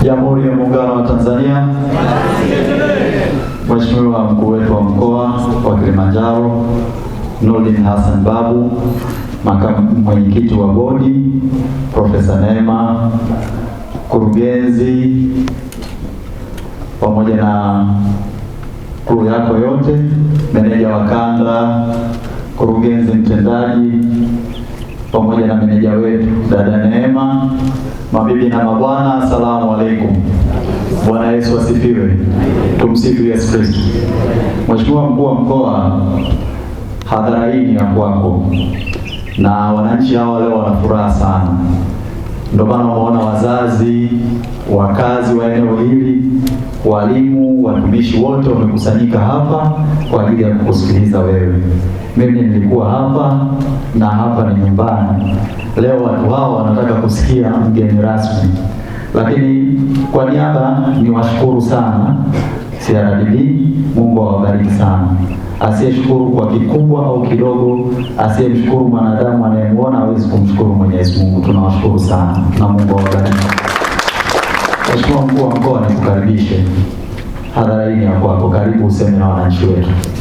Jamhuri ya Muungano wa Tanzania, Mheshimiwa mkuu wetu wa mkoa wa Kilimanjaro Nurdin Hassan Babu, makamu mwenyekiti wa bodi Profesa Neema, kurugenzi pamoja na kuru yako yote, meneja wa kanda, kurugenzi mtendaji pamoja na meneja wetu dada Neema, mabibi na mabwana, asalamu alaykum asifiwe. Tumsifu Yesu Kristo. Mheshimiwa mkuu wa mkoa, hadhara hii ni ya kwako, na wananchi hawa leo wana furaha sana, ndio maana wameona wazazi, wakazi wa eneo hili, walimu, watumishi wote wamekusanyika hapa kwa ajili ya kukusikiliza wewe. Mimi nilikuwa hapa na hapa ni nyumbani. Leo watu hawa wanataka kusikia mgeni rasmi lakini kwa niaba ni washukuru sana CRDB, Mungu awabariki sana. Asiyeshukuru kwa kikubwa au kidogo, asiyemshukuru mwanadamu anayemwona hawezi kumshukuru Mwenyezi Mungu. Tunawashukuru sana na Mungu awabariki. Mheshimiwa Mkuu wa Mkoa, nikukaribishe hadhara ya kwako. Karibu useme na wananchi wetu.